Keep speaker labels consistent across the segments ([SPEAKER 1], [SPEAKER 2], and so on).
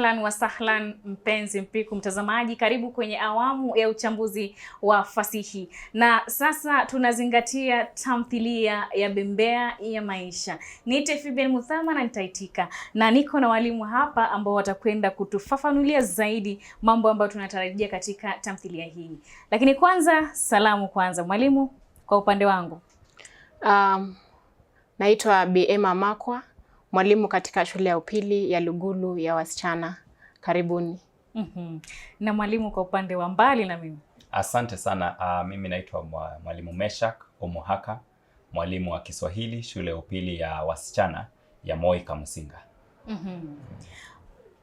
[SPEAKER 1] Ahlan wa sahlan, mpenzi mpiku mtazamaji, karibu kwenye awamu ya uchambuzi wa fasihi, na sasa tunazingatia tamthilia ya Bembea ya Maisha. Niite Fibian Muthama na nitaitika, na niko na walimu hapa ambao watakwenda kutufafanulia zaidi mambo ambayo tunatarajia katika tamthilia hii, lakini kwanza salamu kwanza. Mwalimu, kwa upande wangu um,
[SPEAKER 2] naitwa Bi Emma Makwa mwalimu katika shule ya upili ya Lugulu ya wasichana. Karibuni. mm
[SPEAKER 1] -hmm. Na mwalimu kwa upande wa mbali na mimi.
[SPEAKER 3] Asante sana. Uh, mimi naitwa mwalimu Meshak Omohaka, mwalimu wa Kiswahili shule ya upili ya wasichana ya Moi Kamusinga. mm -hmm.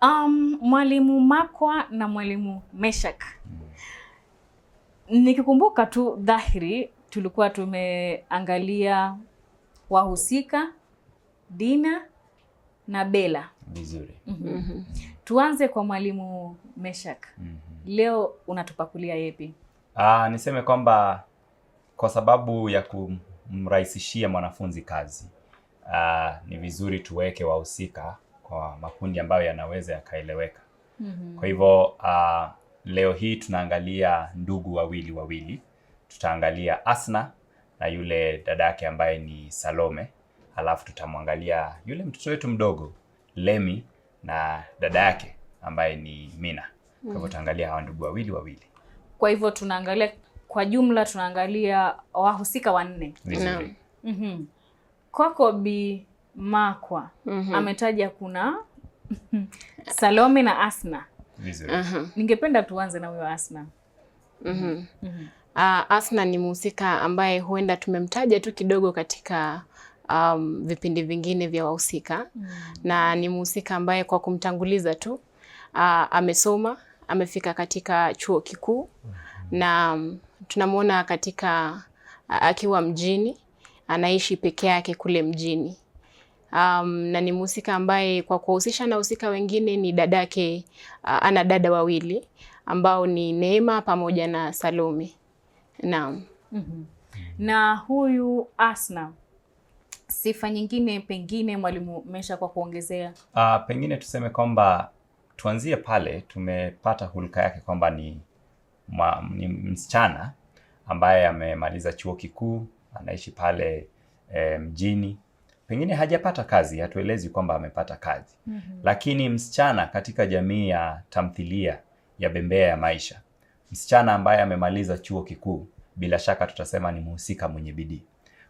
[SPEAKER 1] Um, mwalimu Makwa na mwalimu Meshak. Nikikumbuka tu dhahiri tulikuwa tumeangalia wahusika Dina na bela vizuri. mm -hmm. mm -hmm. Tuanze kwa mwalimu Meshak. mm -hmm. Leo unatupakulia yepi?
[SPEAKER 3] Aa, ah, niseme kwamba kwa sababu ya kumrahisishia mwanafunzi kazi aa, ah, ni vizuri tuweke wahusika kwa makundi ambayo yanaweza yakaeleweka. mm -hmm. Kwa hivyo aa, ah, leo hii tunaangalia ndugu wawili wawili, tutaangalia Asna na yule dada yake ambaye ni Salome alafu tutamwangalia yule mtoto wetu mdogo Lemi na dada yake ambaye ni Mina. Kwa hivyo mm. tutaangalia hawa ndugu wawili wawili.
[SPEAKER 1] Kwa hivyo tunaangalia kwa jumla, tunaangalia wahusika wanne. Mhm. Mm Kwako Bi Makwa mm -hmm. ametaja kuna Salome na Asna. Vizuri. Uh -huh. Ningependa tuanze na huyo Asna. mm-hmm.
[SPEAKER 2] mm -hmm. Uh, Asna ni mhusika ambaye huenda tumemtaja tu kidogo katika um, vipindi vingine vya wahusika mm. na ni mhusika ambaye kwa kumtanguliza tu uh, amesoma amefika katika chuo kikuu mm. na um, tunamwona katika uh, akiwa mjini anaishi peke yake kule mjini. Um, na ni mhusika ambaye kwa kuhusisha na husika wengine ni dadake. Uh, ana dada wawili ambao ni Neema pamoja na Salome. Naam.
[SPEAKER 1] mm -hmm. Na huyu asna sifa nyingine pengine mwalimu Mesha kwa kuongezea?
[SPEAKER 3] Uh, pengine tuseme kwamba tuanzie pale tumepata hulka yake kwamba ni, ni msichana ambaye amemaliza chuo kikuu anaishi pale e, mjini pengine hajapata kazi, hatuelezi kwamba amepata kazi mm -hmm. Lakini msichana katika jamii ya tamthilia ya Bembea ya Maisha, msichana ambaye amemaliza chuo kikuu bila shaka tutasema ni mhusika mwenye bidii.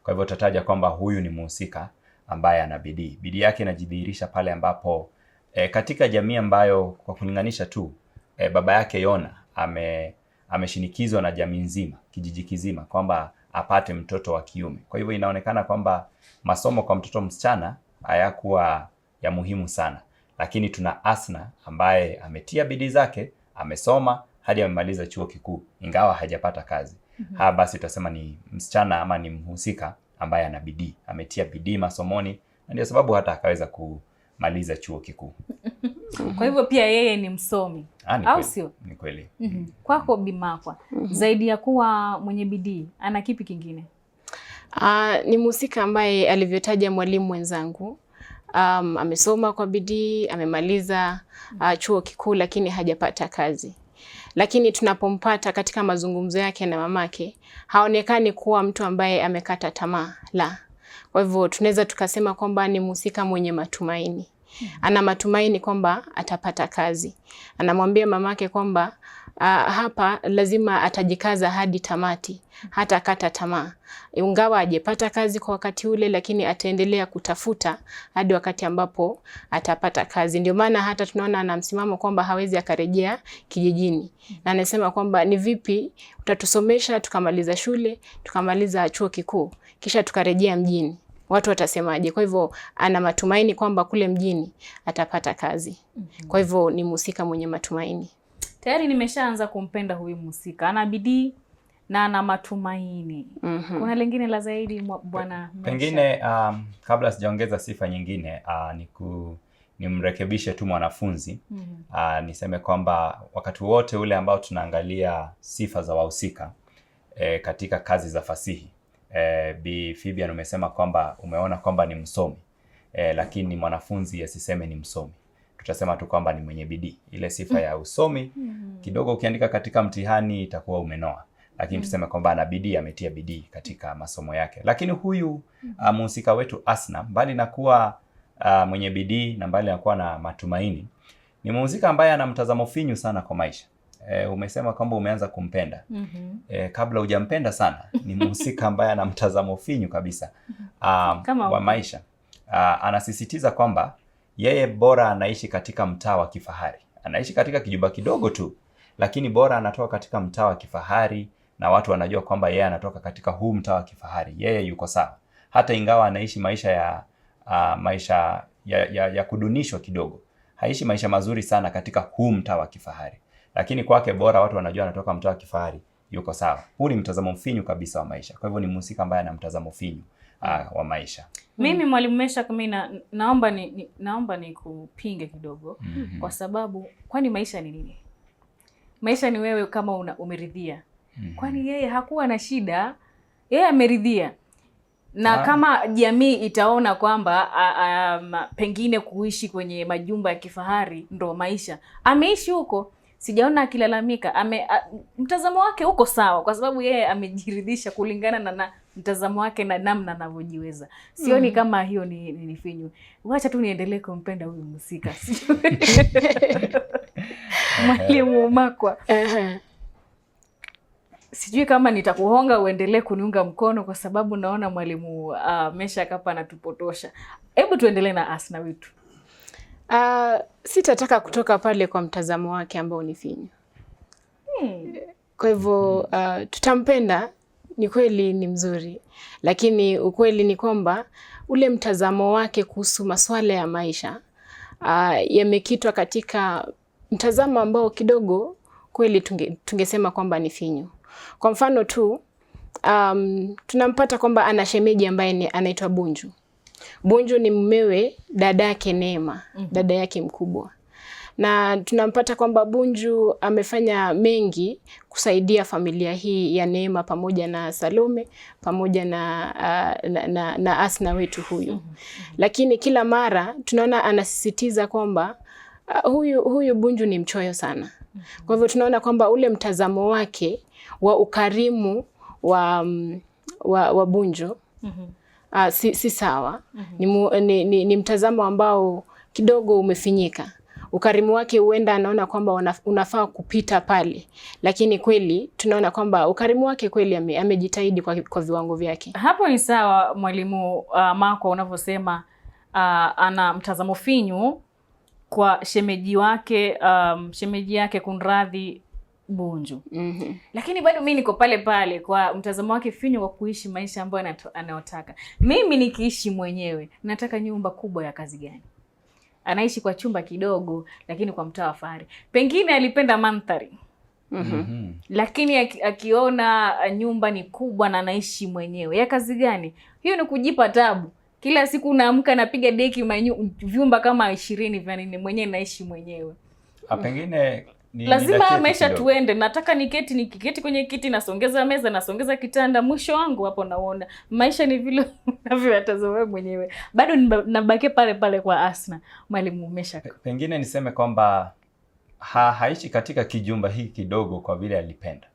[SPEAKER 3] Kwa hivyo tutataja kwamba huyu ni mhusika ambaye ana bidii. Bidii yake inajidhihirisha pale ambapo e, katika jamii ambayo kwa kulinganisha tu e, baba yake Yona ame ameshinikizwa na jamii nzima, kijiji kizima kwamba apate mtoto wa kiume. Kwa hivyo inaonekana kwamba masomo kwa mtoto msichana hayakuwa ya muhimu sana, lakini tuna Asna ambaye ametia bidii zake, amesoma hadi amemaliza chuo kikuu, ingawa hajapata kazi mm -hmm. basi tutasema ni msichana ama ni mhusika ambaye ana bidii, ametia bidii masomoni na ndio sababu hata akaweza kumaliza chuo kikuu.
[SPEAKER 1] Kwa hivyo pia yeye ni msomi
[SPEAKER 3] ah, au sio? Ni kweli. mm
[SPEAKER 1] -hmm. Kwako Bimakwa, mm -hmm. zaidi ya kuwa mwenye bidii ana kipi kingine?
[SPEAKER 2] Uh, ni mhusika ambaye alivyotaja mwalimu mwenzangu um, amesoma kwa bidii amemaliza uh, chuo kikuu lakini hajapata kazi lakini tunapompata katika mazungumzo yake na mamake haonekani kuwa mtu ambaye amekata tamaa, la. Kwa hivyo tunaweza tukasema kwamba ni mhusika mwenye matumaini. Ana matumaini kwamba atapata kazi. Anamwambia mamake kwamba Uh, hapa lazima atajikaza hadi tamati, hata kata tamaa, ingawa ajepata kazi kwa wakati ule, lakini ataendelea kutafuta hadi wakati ambapo atapata kazi. Ndio maana hata tunaona ana msimamo kwamba hawezi akarejea kijijini, na anasema kwamba ni vipi utatusomesha tukamaliza shule tukamaliza chuo kikuu kisha tukarejea mjini watu watasemaje? Kwa hivyo ana matumaini kwamba kule mjini atapata kazi. Kwa hivyo ni mhusika mwenye matumaini
[SPEAKER 1] tayari nimeshaanza kumpenda huyu mhusika, ana bidii na ana matumaini. mm -hmm. Kuna lingine la zaidi bwana?
[SPEAKER 3] Pengine um, kabla sijaongeza sifa nyingine uh, niku nimrekebishe tu mwanafunzi mm -hmm. uh, niseme kwamba wakati wote ule ambao tunaangalia sifa za wahusika e, katika kazi za fasihi e, Bi Fibian umesema kwamba umeona kwamba ni msomi e, lakini mwanafunzi asiseme ni msomi tutasema tu kwamba ni mwenye bidii, ile sifa ya usomi mm-hmm. kidogo. Ukiandika katika mtihani itakuwa umenoa, lakini mm. tuseme kwamba ana bidii, ametia bidii katika masomo yake. Lakini huyu mhusika mm-hmm. uh, wetu Asna, mbali na kuwa uh, mwenye bidii na mbali na kuwa na matumaini, ni mhusika ambaye ana mtazamo finyu sana kwa maisha. E, umesema kwamba umeanza kumpenda mm -hmm. E, kabla hujampenda sana, ni mhusika ambaye ana mtazamo finyu kabisa mm-hmm. um, wa maisha uh, anasisitiza kwamba yeye bora anaishi katika mtaa wa kifahari, anaishi katika kijumba kidogo tu, lakini bora anatoka katika mtaa wa kifahari na watu wanajua kwamba yeye anatoka katika huu mtaa wa kifahari, yeye yuko sawa, hata ingawa anaishi maisha ya uh, maisha ya, ya, ya kudunishwa kidogo, haishi maisha mazuri sana katika huu mtaa wa kifahari, lakini kwake bora watu wanajua anatoka mtaa wa kifahari, yuko sawa. Huu ni mtazamo mfinyu kabisa wa maisha. Kwa hivyo ni mhusika ambaye ana mtazamo finyu uh, wa maisha.
[SPEAKER 1] Hmm. Mimi Mwalimu Meshack na, naomba ni, ni, naomba nikupinge kidogo mm -hmm. kwa sababu kwani maisha ni nini? Maisha ni wewe kama una, umeridhia mm -hmm. kwani yeye hakuwa na shida, yeye ameridhia na ha. Ah. Kama jamii itaona kwamba pengine kuishi kwenye majumba ya kifahari ndo maisha, ameishi huko, sijaona akilalamika. Mtazamo wake uko sawa, kwa sababu yeye amejiridhisha kulingana na, na mtazamo wake na namna anavyojiweza. Sioni mm. kama hiyo ni, ni, ni finyu. Wacha tu niendelee kumpenda huyu mhusika Mwalimu Makwa. Sijui kama nitakuhonga uendelee kuniunga mkono kwa sababu naona mwalimu uh, kapa hapa anatupotosha. Hebu tuendelee na Asna wetu.
[SPEAKER 2] Uh, sitataka kutoka pale kwa mtazamo wake ambao ni finyu. Hmm. Kwa hivyo uh, tutampenda ni kweli ni mzuri, lakini ukweli ni kwamba ule mtazamo wake kuhusu masuala ya maisha uh, yamekitwa katika mtazamo ambao kidogo kweli tunge, tungesema kwamba ni finyu. Kwa mfano tu um, tunampata kwamba ana shemeji ambaye anaitwa Bunju. Bunju ni mmewe dada yake Neema, mm -hmm. dada yake mkubwa na tunampata kwamba Bunju amefanya mengi kusaidia familia hii ya Neema pamoja na Salome pamoja na, uh, na, na, na Asna wetu huyu mm -hmm. Lakini kila mara tunaona anasisitiza kwamba uh, huyu, huyu Bunju ni mchoyo sana mm -hmm. Kwa hivyo tunaona kwamba ule mtazamo wake wa ukarimu wa, mm, wa, wa Bunju mm -hmm. Uh, si, si sawa mm -hmm. Ni, ni, ni, ni mtazamo ambao kidogo umefinyika ukarimu wake huenda anaona kwamba unafaa kupita pale, lakini kweli tunaona kwamba ukarimu wake kweli amejitahidi kwa, kwa viwango vyake.
[SPEAKER 1] Hapo ni sawa mwalimu uh, Makwa unavyosema uh, ana mtazamo finyu kwa shemeji wake um, shemeji yake kunradhi Bunju. mm -hmm. Lakini bado mi niko pale pale kwa mtazamo wake finyu wa kuishi maisha ambayo anayotaka. Mimi nikiishi mwenyewe nataka nyumba kubwa ya kazi gani? anaishi kwa chumba kidogo, lakini kwa mtaa wa fahari. Pengine alipenda mandhari mm -hmm. Mm -hmm. Lakini akiona nyumba ni kubwa na anaishi mwenyewe, ya kazi gani hiyo? Ni kujipa tabu kila siku unaamka napiga deki manyu, vyumba kama ishirini vya nini mwenyewe naishi mwenyewe.
[SPEAKER 3] Ah, pengine
[SPEAKER 1] lazima haya maisha tuende. Nataka niketi, nikiketi kwenye kiti nasongeza meza, nasongeza kitanda, mwisho wangu hapo naona maisha ni vile unavyoyatazama mwenyewe. Bado nabakia pale pale kwa Asna. Mwalimu umesha.
[SPEAKER 3] pengine niseme kwamba ha, haishi katika kijumba hiki kidogo kwa vile alipenda,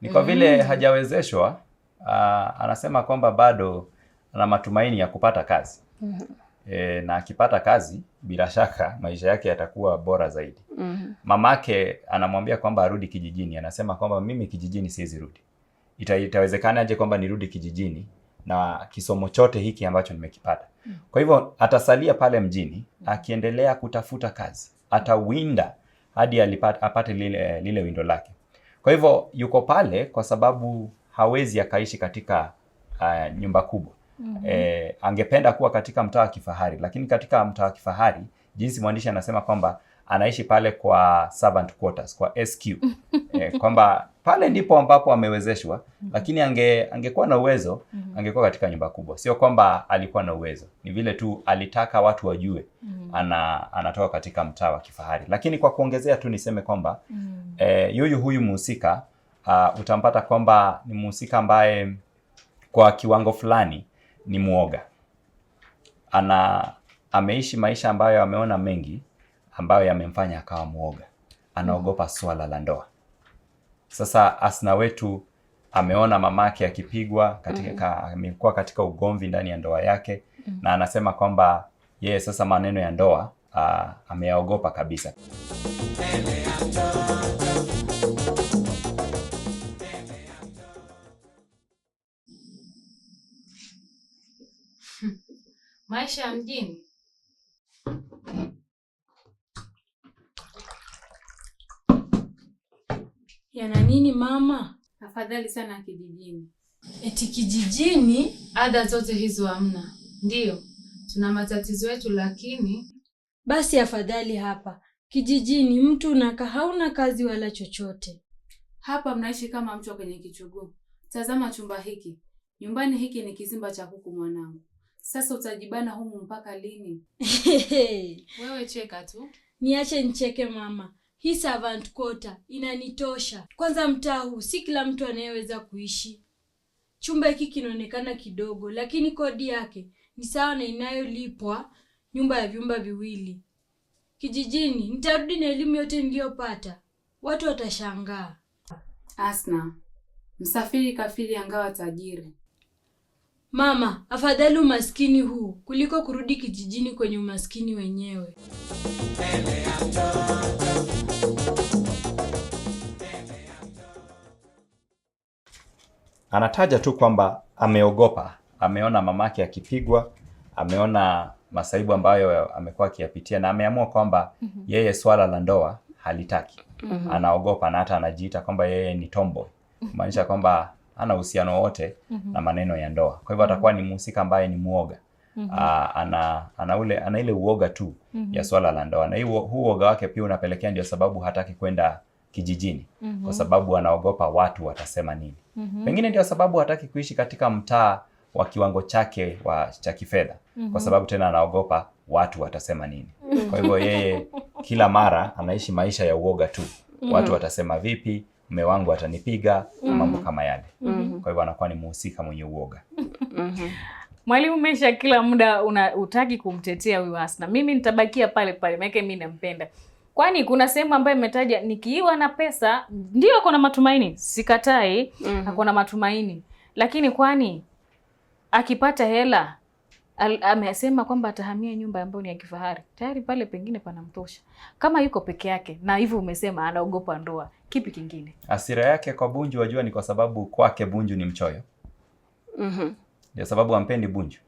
[SPEAKER 3] ni kwa vile mm, hajawezeshwa. Uh, anasema kwamba bado ana matumaini ya kupata kazi mm -hmm e, na akipata kazi bila shaka maisha yake yatakuwa bora zaidi. mm -hmm. Mamake anamwambia kwamba arudi kijijini, anasema kwamba mimi kijijini siwezi rudi. Ita, itawezekanaje kwamba nirudi kijijini na kisomo chote hiki ambacho nimekipata? Mm. Kwa hivyo atasalia pale mjini mm. akiendelea kutafuta kazi, atawinda hadi apate lile, lile windo lake. Kwa hivyo yuko pale kwa sababu hawezi akaishi katika uh, nyumba kubwa mm -hmm. E, angependa kuwa katika mtaa wa kifahari, lakini katika mtaa wa kifahari jinsi mwandishi anasema kwamba anaishi pale kwa servant quarters, kwa SQ e, eh, kwamba pale ndipo ambapo amewezeshwa mm -hmm. Lakini ange angekuwa na uwezo mm -hmm. angekuwa katika nyumba kubwa. Sio kwamba alikuwa na uwezo, ni vile tu alitaka watu wajue mm -hmm. ana anatoka katika mtaa wa kifahari. Lakini kwa kuongezea tu niseme kwamba mm -hmm. yuyu huyu mhusika uh, ah, utampata kwamba ni mhusika ambaye kwa kiwango fulani ni mwoga, ana ameishi maisha ambayo ameona mengi ambayo yamemfanya akawa mwoga, anaogopa swala la ndoa. Sasa Asna wetu ameona mamake akipigwa katika, mm-hmm. amekuwa katika ugomvi ndani ya ndoa yake mm -hmm. na anasema kwamba yeye sasa maneno ya ndoa ah, ameyaogopa kabisa.
[SPEAKER 4] maisha ya mjini. Yana nini mama?
[SPEAKER 5] Afadhali sana kijijini.
[SPEAKER 4] Eti kijijini
[SPEAKER 5] ada zote hizo hamna? Ndiyo, tuna matatizo yetu, lakini
[SPEAKER 4] basi afadhali hapa kijijini. Mtu unakaa hauna kazi wala chochote.
[SPEAKER 5] Hapa mnaishi kama mchwa kwenye kichuguu. Tazama chumba hiki, nyumbani hiki ni kizimba cha kuku mwanangu. Sasa utajibana humu mpaka lini? Wewe cheka tu.
[SPEAKER 4] Niache nicheke mama. Hii savant kota inanitosha. Kwanza mtaa huu si kila mtu anayeweza kuishi. Chumba hiki kinaonekana kidogo, lakini kodi yake ni sawa na inayolipwa nyumba ya vyumba viwili kijijini. Nitarudi na elimu yote niliyopata, watu watashangaa.
[SPEAKER 5] Asna, msafiri kafiri angawa tajiri.
[SPEAKER 4] Mama, afadhali umaskini huu kuliko kurudi kijijini kwenye umaskini wenyewe.
[SPEAKER 3] Anataja tu kwamba ameogopa, ameona mamake akipigwa, ameona masaibu ambayo amekuwa akiyapitia na ameamua kwamba mhm. yeye swala la ndoa halitaki. Mhm. Anaogopa na hata anajiita kwamba yeye ni tomboy, kumaanisha kwamba hana uhusiano wote mm -hmm. na maneno ya ndoa. Kwa hivyo atakuwa ni mhusika ambaye ni muoga. Mm -hmm. ana ana ule ana ile uoga tu mm -hmm. ya swala la ndoa, na hiyo huu uoga wake pia unapelekea, ndio sababu hataki kwenda kijijini mm -hmm. kwa sababu anaogopa watu watasema nini. mm -hmm. Pengine ndio sababu hataki kuishi katika mtaa wa kiwango chake wa cha kifedha mm -hmm. kwa mhm. sababu tena anaogopa watu watasema nini. Mhm. Kwa hivyo yeye kila mara anaishi maisha ya uoga tu, watu mhm. watasema vipi mume wangu atanipiga -hmm. mambo mm-hmm. kama yale. Mm-hmm. Kwa hivyo anakuwa ni mhusika mwenye uoga. Mm-hmm.
[SPEAKER 1] Mwalimu Mesha, kila muda unataki kumtetea huyu Hasna. Mimi nitabakia pale pale, maana mimi nampenda. Kwani kuna sehemu ambayo imetaja nikiiwa na pesa ndio kuna matumaini, sikatai, mm -hmm. akona matumaini, lakini kwani akipata hela amesema kwamba atahamia nyumba ambayo ni ya kifahari tayari, pale pengine panamtosha kama yuko peke yake, na hivyo umesema anaogopa ndoa. Kipi kingine?
[SPEAKER 3] Hasira yake kwa Bunju, wajua ni kwa sababu kwake Bunju ni mchoyo. mm -hmm. sababu ampendi Bunju.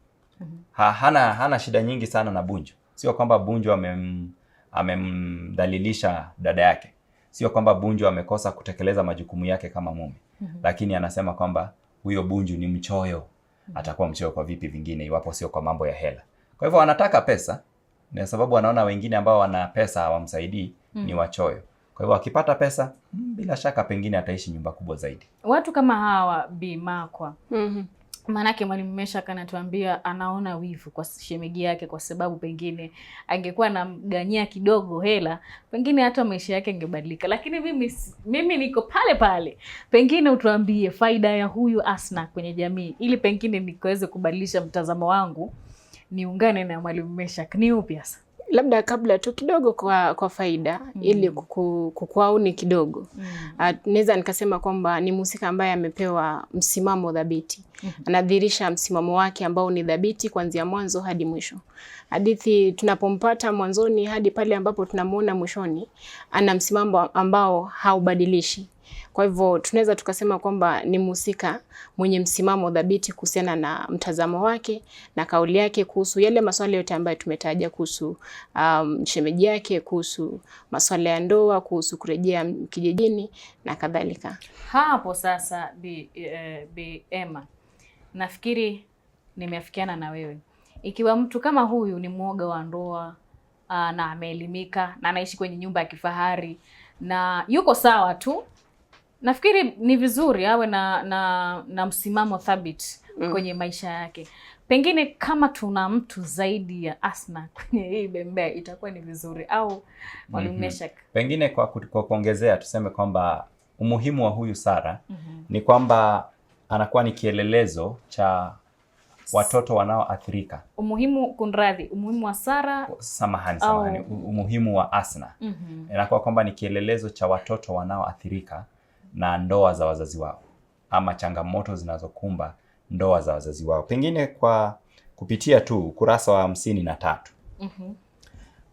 [SPEAKER 3] mm -hmm. Ha, hana hana shida nyingi sana na Bunju, sio kwamba Bunju amem amemdhalilisha dada yake, sio kwamba Bunju amekosa kutekeleza majukumu yake kama mume. mm -hmm. Lakini anasema kwamba huyo Bunju ni mchoyo Hmm. atakuwa mchoyo kwa vipi vingine iwapo sio kwa mambo ya hela. Kwa hivyo wanataka pesa na sababu wanaona wengine ambao wana pesa hawamsaidii mm. ni hmm. wachoyo. Kwa hivyo akipata pesa hmm, bila shaka pengine ataishi nyumba kubwa zaidi.
[SPEAKER 1] Watu kama hawa bimakwa mm -hmm. Maanake Mwalimu Meshack anatuambia anaona wivu kwa shemegi yake, kwa sababu pengine angekuwa anamganyia kidogo hela, pengine hata maisha yake angebadilika. Lakini mimi mimi niko pale pale. Pengine utuambie faida ya huyu Asna kwenye jamii, ili pengine nikaweze kubadilisha mtazamo wangu, niungane na Mwalimu Meshack. Ni upi hasa?
[SPEAKER 2] labda kabla tu kidogo kwa, kwa faida mm. ili kuku, kukuauni kidogo mm. Uh, naweza nikasema kwamba ni mhusika ambaye amepewa msimamo dhabiti mm -hmm. anadhirisha msimamo wake ambao ni dhabiti kuanzia mwanzo hadi mwisho. Hadithi tunapompata mwanzoni hadi pale ambapo tunamuona mwishoni, ana msimamo ambao haubadilishi kwa hivyo tunaweza tukasema kwamba ni mhusika mwenye msimamo dhabiti kuhusiana na mtazamo wake na kauli yake kuhusu yale maswala yote ambayo tumetaja kuhusu um, shemeji yake, kuhusu maswala ya ndoa, kuhusu kurejea kijijini na kadhalika.
[SPEAKER 1] Hapo sasa Bi, eh, Bi Emma, nafikiri nimeafikiana na wewe. Ikiwa mtu kama huyu ni mwoga wa ndoa ah, na ameelimika na anaishi kwenye nyumba ya kifahari na yuko sawa tu Nafikiri ni vizuri awe na na, na msimamo thabiti mm. kwenye maisha yake. Pengine kama tuna mtu zaidi ya Asna kwenye hii bembea itakuwa ni vizuri au mwalimu mm -hmm.
[SPEAKER 3] Pengine kwa, kwa kuongezea tuseme kwamba umuhimu wa huyu Sara mm -hmm. ni kwamba anakuwa ni kielelezo cha watoto wanaoathirika.
[SPEAKER 1] Umuhimu kunradhi, umuhimu wa Sara,
[SPEAKER 3] samahani samahani, umuhimu wa Asna mm -hmm. inakuwa kwamba ni kielelezo cha watoto wanaoathirika na ndoa za wazazi wao ama changamoto zinazokumba ndoa za wazazi wao, pengine kwa kupitia tu kurasa wa hamsini na tatu mm-hmm.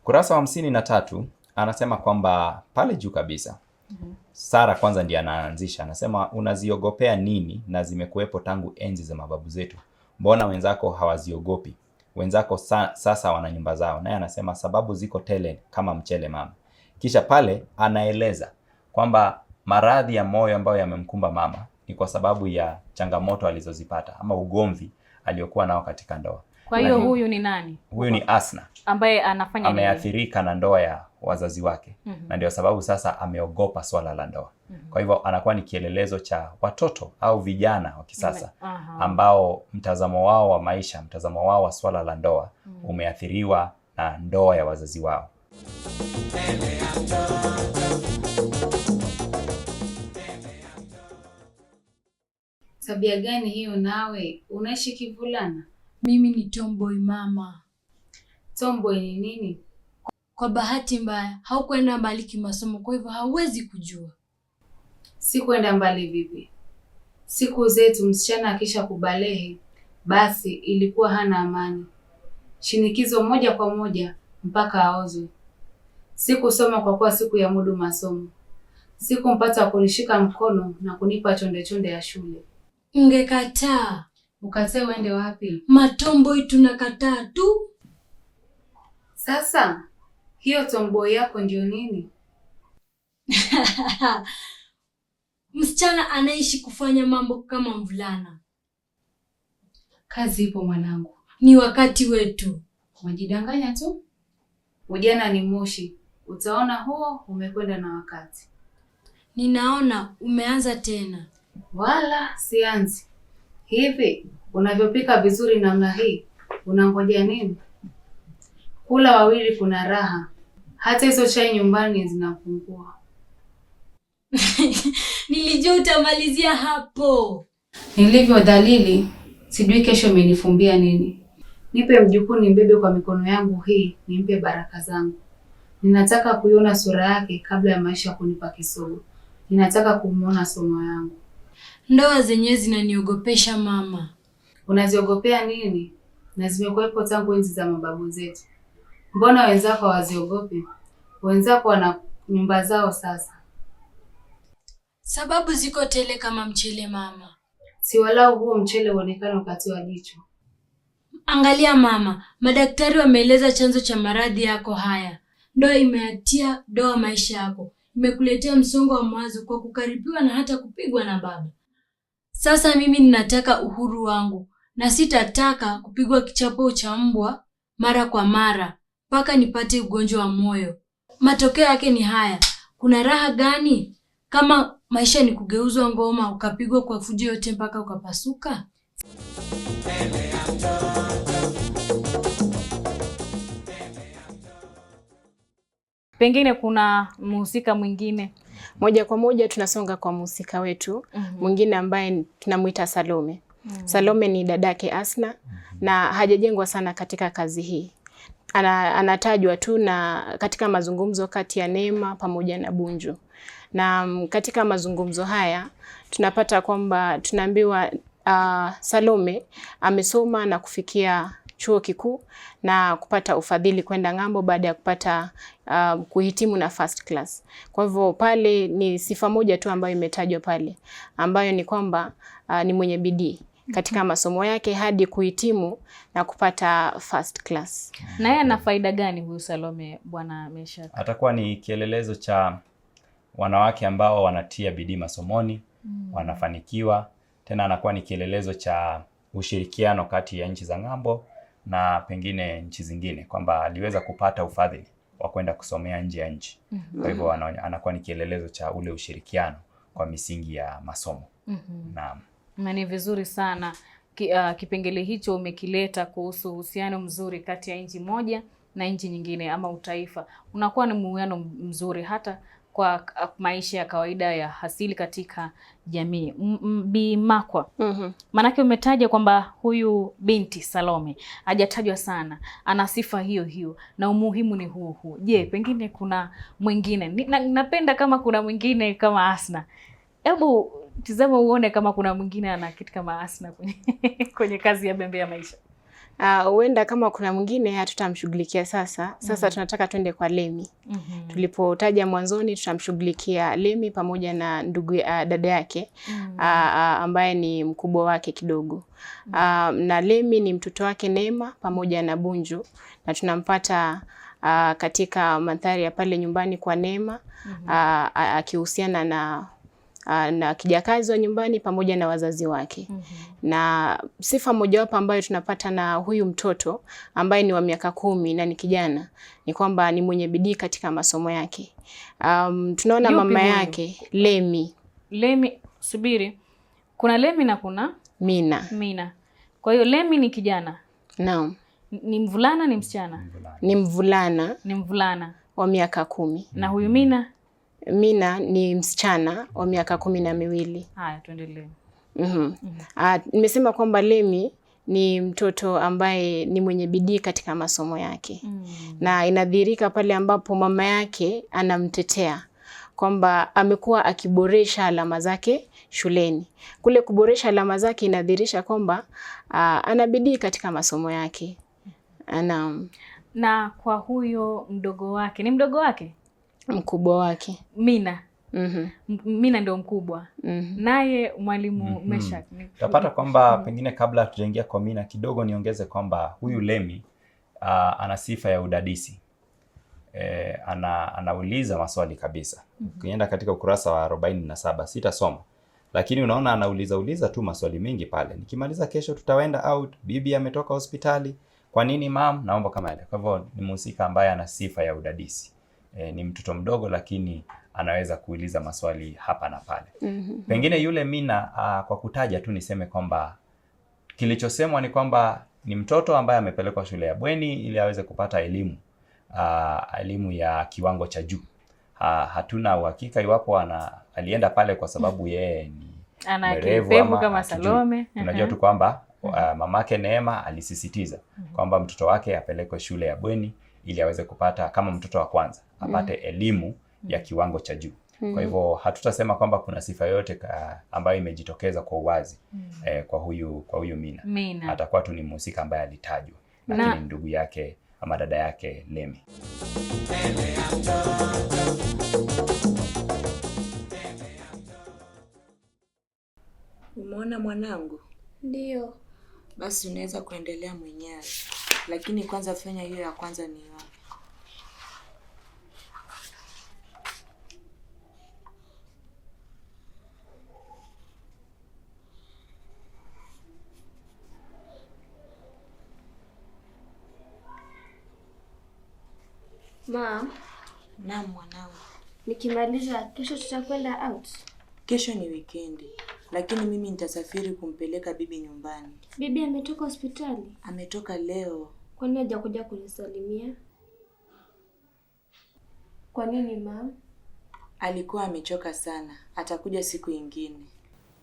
[SPEAKER 3] Kurasa wa hamsini na tatu anasema kwamba pale juu kabisa mm-hmm. Sara kwanza ndiye anaanzisha, anasema unaziogopea nini na zimekuwepo tangu enzi za mababu zetu, mbona wenzako hawaziogopi? Wenzako sa, sasa wana nyumba zao. Naye anasema sababu ziko tele kama mchele mama. Kisha pale anaeleza kwamba maradhi ya moyo ambayo yamemkumba mama ni kwa sababu ya changamoto alizozipata ama ugomvi aliyokuwa nao katika ndoa.
[SPEAKER 1] Kwa hiyo huyu ni nani?
[SPEAKER 3] Huyu ni Asna ambaye anafanya ameathirika na ndoa ya wazazi wake mm -hmm. na ndio sababu sasa ameogopa swala la ndoa mm -hmm. Kwa hivyo anakuwa ni kielelezo cha watoto au vijana wa kisasa mm -hmm. ambao mtazamo wao wa maisha, mtazamo wao wa swala la ndoa mm -hmm. umeathiriwa na ndoa ya wazazi wao.
[SPEAKER 5] Tabia gani hiyo? Nawe unaishi kivulana?
[SPEAKER 4] Mimi ni tomboy mama.
[SPEAKER 5] Tomboy ni nini?
[SPEAKER 4] Kwa bahati mbaya haukwenda mbali kimasomo, kwa hivyo hauwezi kujua.
[SPEAKER 5] Sikwenda mbali vipi? Siku zetu msichana akisha kubalehe basi ilikuwa hana amani, shinikizo moja kwa moja mpaka aozwe. Sikusoma kwa kuwa siku ya mudu masomo, sikumpata wa kunishika mkono na kunipa chonde chonde ya shule.
[SPEAKER 4] Ungekataa
[SPEAKER 5] ukasema uende wapi?
[SPEAKER 4] Matomboi tunakataa tu.
[SPEAKER 5] Sasa hiyo tomboi yako ndio nini?
[SPEAKER 4] Msichana anaishi kufanya mambo kama mvulana.
[SPEAKER 5] Kazi ipo mwanangu,
[SPEAKER 4] ni wakati wetu.
[SPEAKER 5] Umejidanganya tu, ujana ni moshi. Utaona huo umekwenda na wakati.
[SPEAKER 4] Ninaona umeanza tena
[SPEAKER 5] wala sianzi. Hivi unavyopika vizuri namna hii, unangoja nini? Kula wawili kuna raha, hata hizo chai nyumbani zinapungua.
[SPEAKER 4] Nilijua utamalizia hapo.
[SPEAKER 5] Nilivyo dhalili, sijui kesho imenifumbia nini. Nipe mjukuu nimbebe kwa mikono yangu hii, nimpe baraka zangu. Ninataka kuiona sura yake kabla ya maisha kunipa kisogo. Ninataka kumwona somo yangu.
[SPEAKER 4] Ndoa zenyewe zinaniogopesha mama.
[SPEAKER 5] Unaziogopea nini? Na zimekuwepo tangu enzi za mababu zetu. Mbona wenzako hawaziogopi? Wenzako wana nyumba zao sasa.
[SPEAKER 4] Sababu ziko tele kama mchele mama.
[SPEAKER 5] Si walau huo mchele uonekane wakati wa jicho.
[SPEAKER 4] Angalia mama, madaktari wameeleza chanzo cha maradhi yako haya. Ndoa imeatia doa maisha yako, imekuletea msongo wa mawazo kwa kukaribiwa na hata kupigwa na baba. Sasa mimi ninataka uhuru wangu na sitataka kupigwa kichapo cha mbwa mara kwa mara mpaka nipate ugonjwa wa moyo. Matokeo yake ni haya. Kuna raha gani kama maisha ni kugeuzwa ngoma, ukapigwa kwa fujo yote mpaka ukapasuka?
[SPEAKER 1] Pengine kuna mhusika mwingine
[SPEAKER 2] moja kwa moja tunasonga kwa mhusika wetu mhm. mwingine mm -hmm. ambaye tunamwita Salome mm -hmm. Salome ni dadake Asna mhm. na hajajengwa sana katika kazi hii ana, anatajwa tu na katika mazungumzo kati ya Neema pamoja na Bunju na mm, katika mazungumzo haya tunapata kwamba tunaambiwa uh, Salome amesoma na kufikia chuo kikuu na kupata ufadhili kwenda ng'ambo baada ya kupata uh, kuhitimu na first class. Kwa hivyo pale ni sifa moja tu ambayo imetajwa pale ambayo ni kwamba uh, ni mwenye bidii katika mhm. masomo yake hadi kuhitimu na kupata first class.
[SPEAKER 1] Na yeye ana faida gani huyu Salome bwana Mesha?
[SPEAKER 3] Atakuwa ni kielelezo cha wanawake ambao wanatia bidii masomoni, mm. wanafanikiwa. Tena anakuwa ni kielelezo cha ushirikiano kati ya nchi za ng'ambo na pengine nchi zingine, kwamba aliweza kupata ufadhili wa kwenda kusomea nje ya nchi. Mhm. Kwa hivyo anakuwa ni kielelezo cha ule ushirikiano kwa misingi ya masomo. Mhm.
[SPEAKER 1] Naam, na ni vizuri sana ki, uh, kipengele hicho umekileta kuhusu uhusiano mzuri kati ya nchi moja na nchi nyingine ama utaifa, unakuwa ni muungano mzuri hata kwa maisha ya kawaida ya hasili katika jamii. Bi Makwa, mm-hmm. Maanake umetaja kwamba huyu binti Salome hajatajwa sana, ana sifa hiyo hiyo na umuhimu ni huo huo. Je, pengine kuna mwingine? Napenda kama kuna mwingine kama Asna, hebu tizama uone kama kuna mwingine ana kitu kama Asna kwenye, kwenye kazi ya Bembea ya Maisha.
[SPEAKER 2] Ah, huenda uh, kama kuna mwingine hatutamshughulikia sasa. Mm. Sasa mm -hmm. tunataka twende kwa Lemi mm -hmm. tulipotaja mwanzoni, tutamshughulikia Lemi pamoja na ndugu uh, dada yake mm -hmm. uh, ambaye ni mkubwa wake kidogo mm -hmm. uh, na Lemi ni mtoto wake Neema pamoja na Bunju na tunampata uh, katika mandhari ya pale nyumbani kwa Neema mm -hmm. uh, akihusiana na Ah, na kijakazi wa nyumbani pamoja na wazazi wake. mm -hmm. Na sifa mojawapo ambayo tunapata na huyu mtoto ambaye ni wa miaka kumi na ni kijana ni kwamba ni mwenye bidii katika masomo yake. Um, tunaona Yupi mama mwenye? yake Lemi.
[SPEAKER 1] Lemi, subiri, kuna Lemi na kuna Mina. Mina. Kwa hiyo Lemi ni kijana. Naam. Ni mvulana, ni msichana?
[SPEAKER 2] Ni mvulana.
[SPEAKER 1] Ni mvulana
[SPEAKER 2] wa miaka kumi.
[SPEAKER 1] Na huyu Mina
[SPEAKER 2] Mina ni msichana wa miaka kumi na miwili.
[SPEAKER 1] Haya, tuendelee. Mm
[SPEAKER 2] -hmm. Nimesema kwamba Lemi ni mtoto ambaye ni mwenye bidii katika masomo yake. Mm. Na inadhihirika pale ambapo mama yake anamtetea kwamba amekuwa akiboresha alama zake shuleni. Kule kuboresha alama zake inadhihirisha kwamba ah, ana bidii katika masomo yake.
[SPEAKER 1] Ana na kwa huyo mdogo wake, ni mdogo wake?
[SPEAKER 2] mkubwa wake
[SPEAKER 1] Mina. Mm -hmm. Mina ndio mkubwa. Mm -hmm. Naye mwalimu mm -hmm. mesha
[SPEAKER 3] Utapata kwamba mm -hmm. pengine kabla hatujaingia kwa Mina kidogo niongeze kwamba huyu Lemi uh, ana sifa ya udadisi e, ana, anauliza maswali kabisa. mm -hmm. Ukienda katika ukurasa wa 47 sitasoma, lakini unaona anauliza uliza tu maswali mengi pale. Nikimaliza kesho tutaenda out, bibi ametoka hospitali, kwa nini mam, naomba kama yale. Kwa hivyo ni mhusika ambaye ana sifa ya udadisi e, ni mtoto mdogo lakini anaweza kuuliza maswali hapa na pale. mm -hmm. Pengine yule Mina a, ah, kwa kutaja tu niseme kwamba kilichosemwa ni kwamba ni mtoto ambaye amepelekwa shule ya bweni ili aweze kupata elimu ah, elimu ya kiwango cha juu. Hatuna uhakika iwapo ana, alienda pale kwa sababu yeye ni
[SPEAKER 1] ana kama Salome.
[SPEAKER 3] tu kwamba mhm. ah, mamake Neema alisisitiza mhm. kwamba mtoto wake apelekwe shule ya bweni ili aweze kupata kama mtoto wa kwanza apate mm. elimu ya kiwango cha juu. Mm. Kwa mm-hmm. hivyo hatutasema kwamba kuna sifa yoyote ambayo imejitokeza kwa uwazi mm. eh, kwa huyu kwa huyu Mina. Mina atakuwa tu ni mhusika ambaye alitajwa, lakini na ndugu yake ama dada yake Lemi.
[SPEAKER 5] Umeona mwanangu? Ndio. Basi unaweza kuendelea mwenyewe, lakini kwanza fanya hiyo ya kwanza ni Mom. Naam mwanangu. Nikimaliza kesho tutakwenda out. Kesho ni weekend, lakini mimi nitasafiri kumpeleka bibi nyumbani.
[SPEAKER 4] Bibi ametoka hospitali?
[SPEAKER 5] Ametoka leo.
[SPEAKER 4] Kwa nini hajakuja kunisalimia? Kwa nini mom?
[SPEAKER 5] Alikuwa amechoka sana, atakuja siku ingine.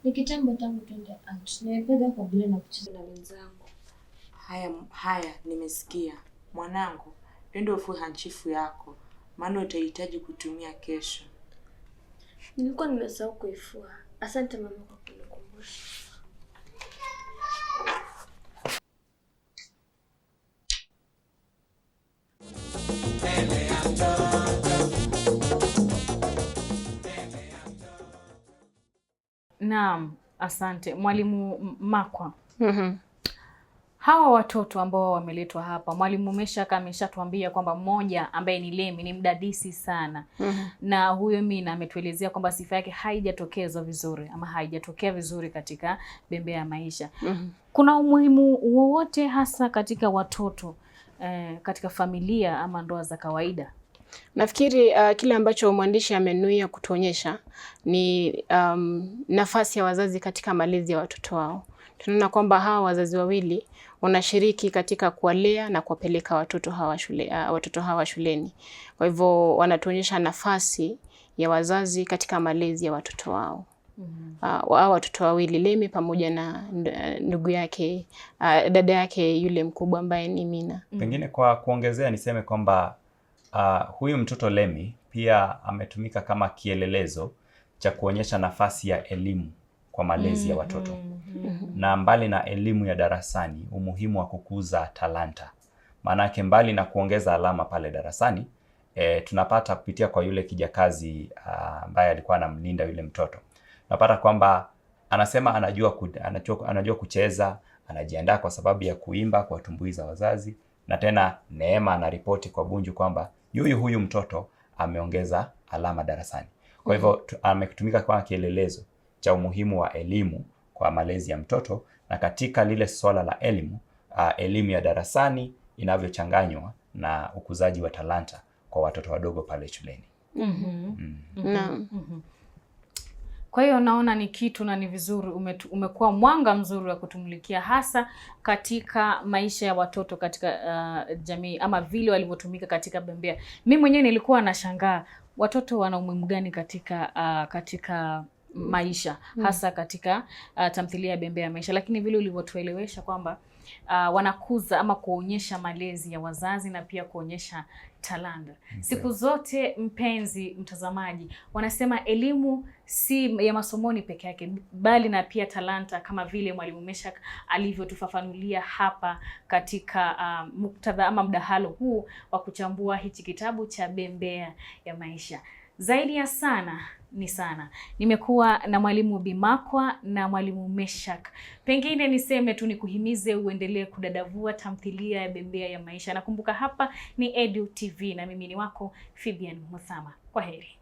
[SPEAKER 4] Ni kitambo tangu twende out. Nimependa kuogelea na kucheza na wenzangu.
[SPEAKER 5] Haya, haya, nimesikia mwanangu. Enda ufue hanchifu yako, maana utahitaji kutumia kesho.
[SPEAKER 4] Nilikuwa nimesahau kuifua. Asante mama kwa kunikumbusha.
[SPEAKER 1] Naam, asante Mwalimu Makwa. Mm-hmm hawa watoto ambao wameletwa hapa, mwalimu Meshack ameshatuambia kwamba mmoja ambaye ni Lemi ni mdadisi sana mm -hmm. na huyo Mina ametuelezea kwamba sifa yake haijatokezwa vizuri ama haijatokea vizuri katika Bembea ya Maisha mm -hmm. kuna umuhimu wowote hasa katika watoto eh, katika familia ama ndoa za kawaida?
[SPEAKER 2] Nafikiri uh, kile ambacho mwandishi amenuia kutuonyesha ni um, nafasi ya wazazi katika malezi ya watoto wao tunaona kwamba hawa wazazi wawili wanashiriki katika kuwalea na kuwapeleka watoto hawa shule, uh, watoto hawa shuleni. Kwa hivyo wanatuonyesha nafasi ya wazazi katika malezi ya watoto wao. Mm -hmm. Uh, ah, wa watoto wawili Lemi pamoja na eh, ndugu yake uh, dada yake yule mkubwa ambaye ni Mina. Mm-hmm.
[SPEAKER 3] Pengine kwa kuongezea niseme kwamba uh, huyu mtoto Lemi pia ametumika kama kielelezo cha kuonyesha nafasi ya elimu kwa malezi mm. ya watoto mm. na mbali na elimu ya darasani, umuhimu wa kukuza talanta, maanake mbali na kuongeza alama pale darasani e, tunapata kupitia kwa yule kijakazi ah, ambaye alikuwa anamlinda yule mtoto, tunapata kwamba anasema anajua, ku, anajua, anajua kucheza, anajiandaa kwa sababu ya kuimba, kuwatumbuiza wazazi, na tena Neema anaripoti kwa Bunju kwamba yuyu huyu mtoto ameongeza alama darasani. Kwa hivyo ametumika kama kielelezo cha umuhimu wa elimu kwa malezi ya mtoto, na katika lile swala la elimu uh, elimu ya darasani inavyochanganywa na ukuzaji wa talanta kwa watoto wadogo pale shuleni. mm -hmm. mm
[SPEAKER 1] -hmm. Kwa hiyo naona ni kitu na ni vizuri umetu, umekuwa mwanga mzuri wa kutumulikia hasa katika maisha ya watoto katika uh, jamii ama vile walivyotumika katika Bembea. Mimi mwenyewe nilikuwa nashangaa watoto wana umuhimu gani katika uh, katika Mm. maisha mm. hasa katika uh, tamthilia ya Bembea ya Maisha, lakini vile ulivyotuelewesha kwamba uh, wanakuza ama kuonyesha malezi ya wazazi na pia kuonyesha talanta. Siku zote mpenzi mtazamaji, wanasema elimu si ya masomoni peke yake, bali na pia talanta, kama vile Mwalimu Meshak alivyotufafanulia hapa katika uh, muktadha ama mdahalo huu wa kuchambua hichi kitabu cha Bembea ya Maisha. Zaidi ya sana ni sana. Nimekuwa na mwalimu Bimakwa na mwalimu Meshak. Pengine niseme tu nikuhimize uendelee kudadavua tamthilia ya Bembea ya Maisha. Nakumbuka hapa ni Edu TV na mimi ni wako Fibian Muthama. Kwa heri.